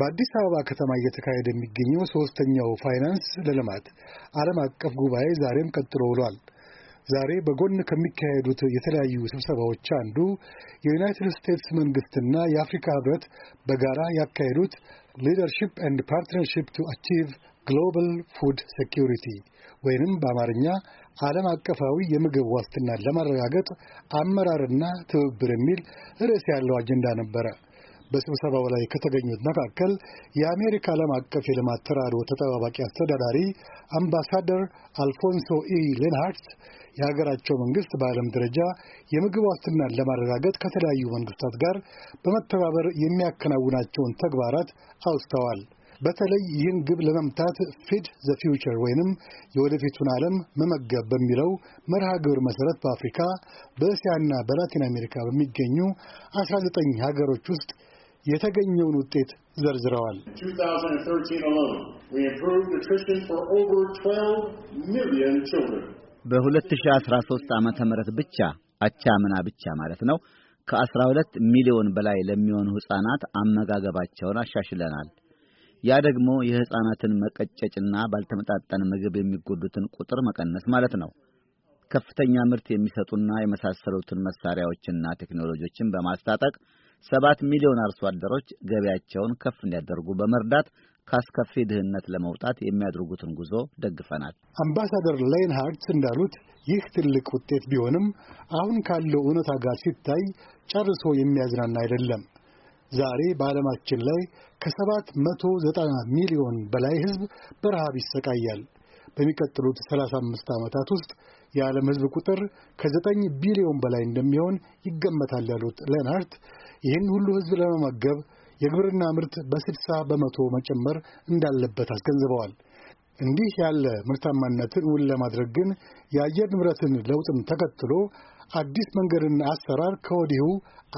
በአዲስ አበባ ከተማ እየተካሄደ የሚገኘው ሶስተኛው ፋይናንስ ለልማት ዓለም አቀፍ ጉባኤ ዛሬም ቀጥሎ ውሏል። ዛሬ በጎን ከሚካሄዱት የተለያዩ ስብሰባዎች አንዱ የዩናይትድ ስቴትስ መንግስትና የአፍሪካ ህብረት በጋራ ያካሄዱት ሊደርሺፕ ኤንድ ፓርትነርሺፕ ቱ አቺቭ ግሎባል ፉድ ሴኪሪቲ ወይንም በአማርኛ ዓለም አቀፋዊ የምግብ ዋስትናን ለማረጋገጥ አመራርና ትብብር የሚል ርዕስ ያለው አጀንዳ ነበረ። በስብሰባው ላይ ከተገኙት መካከል የአሜሪካ ዓለም አቀፍ የልማት ተራድኦ ተጠባባቂ አስተዳዳሪ አምባሳደር አልፎንሶ ኢ ሌንሃርት የሀገራቸው መንግስት በዓለም ደረጃ የምግብ ዋስትናን ለማረጋገጥ ከተለያዩ መንግስታት ጋር በመተባበር የሚያከናውናቸውን ተግባራት አውስተዋል። በተለይ ይህን ግብ ለመምታት ፊድ ዘ ፊውቸር ወይንም የወደፊቱን ዓለም መመገብ በሚለው መርሃ ግብር መሠረት በአፍሪካ በእስያና በላቲን አሜሪካ በሚገኙ 19 ሀገሮች ውስጥ የተገኘውን ውጤት ዘርዝረዋል። በ2013 ዓ ም ብቻ አቻምና ብቻ ማለት ነው ከ12 ሚሊዮን በላይ ለሚሆኑ ሕፃናት አመጋገባቸውን አሻሽለናል። ያ ደግሞ የሕፃናትን መቀጨጭና ባልተመጣጠን ምግብ የሚጎዱትን ቁጥር መቀነስ ማለት ነው። ከፍተኛ ምርት የሚሰጡና የመሳሰሉትን መሳሪያዎችና ቴክኖሎጂዎችን በማስታጠቅ ሰባት ሚሊዮን አርሶ አደሮች ገቢያቸውን ከፍ እንዲያደርጉ በመርዳት ካስከፊ ድህነት ለመውጣት የሚያደርጉትን ጉዞ ደግፈናል። አምባሳደር ላይንሃርት እንዳሉት ይህ ትልቅ ውጤት ቢሆንም አሁን ካለው እውነታ ጋር ሲታይ ጨርሶ የሚያዝናና አይደለም። ዛሬ በዓለማችን ላይ ከሰባት መቶ ዘጠና ሚሊዮን በላይ ሕዝብ በረሃብ ይሰቃያል። በሚቀጥሉት ሰላሳ አምስት ዓመታት ውስጥ የዓለም ህዝብ ቁጥር ከዘጠኝ ቢሊዮን በላይ እንደሚሆን ይገመታል ያሉት ሌናርት ይህን ሁሉ ህዝብ ለመመገብ የግብርና ምርት በስድሳ በመቶ መጨመር እንዳለበት አስገንዝበዋል። እንዲህ ያለ ምርታማነትን ውል ለማድረግ ግን የአየር ንብረትን ለውጥም ተከትሎ አዲስ መንገድና አሰራር ከወዲሁ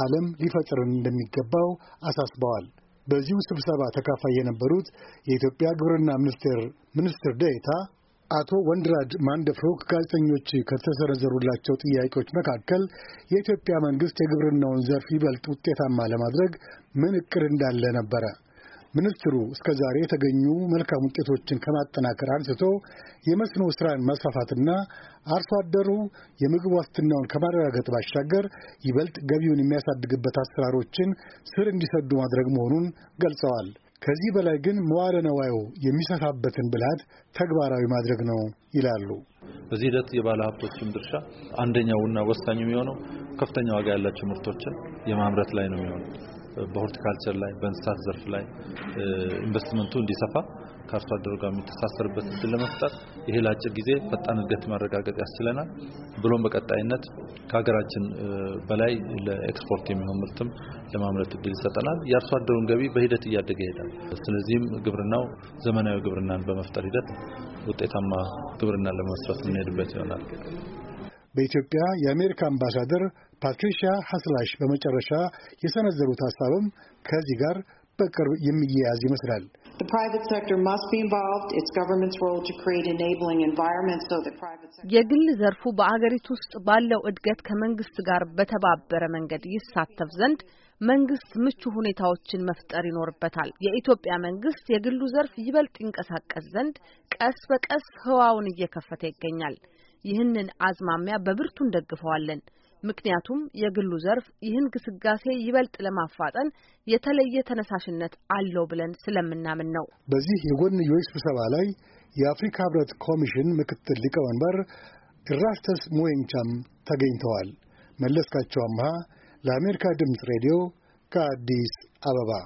ዓለም ሊፈጥርን እንደሚገባው አሳስበዋል። በዚሁ ስብሰባ ተካፋይ የነበሩት የኢትዮጵያ ግብርና ሚኒስቴር ሚኒስትር ዴኤታ አቶ ወንድራድ ማንደፍሮ ከጋዜጠኞች ከተሰነዘሩላቸው ጥያቄዎች መካከል የኢትዮጵያ መንግስት የግብርናውን ዘርፍ ይበልጥ ውጤታማ ለማድረግ ምን እቅድ እንዳለ ነበረ። ሚኒስትሩ እስከ ዛሬ የተገኙ መልካም ውጤቶችን ከማጠናከር አንስቶ የመስኖ ስራን መስፋፋትና አርሶ አደሩ የምግብ ዋስትናውን ከማረጋገጥ ባሻገር ይበልጥ ገቢውን የሚያሳድግበት አሰራሮችን ስር እንዲሰዱ ማድረግ መሆኑን ገልጸዋል። ከዚህ በላይ ግን መዋለ ነዋዩ የሚሰፋበትን ብልሃት ተግባራዊ ማድረግ ነው ይላሉ። በዚህ ሂደት የባለ ሀብቶችም ድርሻ አንደኛውና ወሳኝ የሚሆነው ከፍተኛ ዋጋ ያላቸው ምርቶችን የማምረት ላይ ነው የሚሆነው። በሆርቲካልቸር ላይ በእንስሳት ዘርፍ ላይ ኢንቨስትመንቱ እንዲሰፋ ከአርሶ አደሩ ጋር የሚተሳሰርበት እድል ለመፍጠር ይሄ ለአጭር ጊዜ ፈጣን እድገት ማረጋገጥ ያስችለናል። ብሎም በቀጣይነት ከሀገራችን በላይ ለኤክስፖርት የሚሆን ምርትም ለማምረት እድል ይሰጠናል። የአርሶ አደሩን ገቢ በሂደት እያደገ ይሄዳል። ስለዚህም ግብርናው ዘመናዊ ግብርናን በመፍጠር ሂደት ውጤታማ ግብርናን ለመስራት የምንሄድበት ይሆናል። በኢትዮጵያ የአሜሪካ አምባሳደር ፓትሪሻ ሀስላሽ በመጨረሻ የሰነዘሩት ሀሳብም ከዚህ ጋር በቅርብ የሚያያዝ ይመስላል። የግል ዘርፉ በአገሪቱ ውስጥ ባለው እድገት ከመንግስት ጋር በተባበረ መንገድ ይሳተፍ ዘንድ መንግስት ምቹ ሁኔታዎችን መፍጠር ይኖርበታል። የኢትዮጵያ መንግስት የግሉ ዘርፍ ይበልጥ ይንቀሳቀስ ዘንድ ቀስ በቀስ ህዋውን እየከፈተ ይገኛል። ይህንን አዝማሚያ በብርቱ እንደግፈዋለን። ምክንያቱም የግሉ ዘርፍ ይህን ግስጋሴ ይበልጥ ለማፋጠን የተለየ ተነሳሽነት አለው ብለን ስለምናምን ነው። በዚህ የጎንዮሽ ስብሰባ ላይ የአፍሪካ ህብረት ኮሚሽን ምክትል ሊቀመንበር ኢራስተስ ሞዌንቻም ተገኝተዋል። መለስካቸው አምሃ ለአሜሪካ ድምፅ ሬዲዮ ከአዲስ አበባ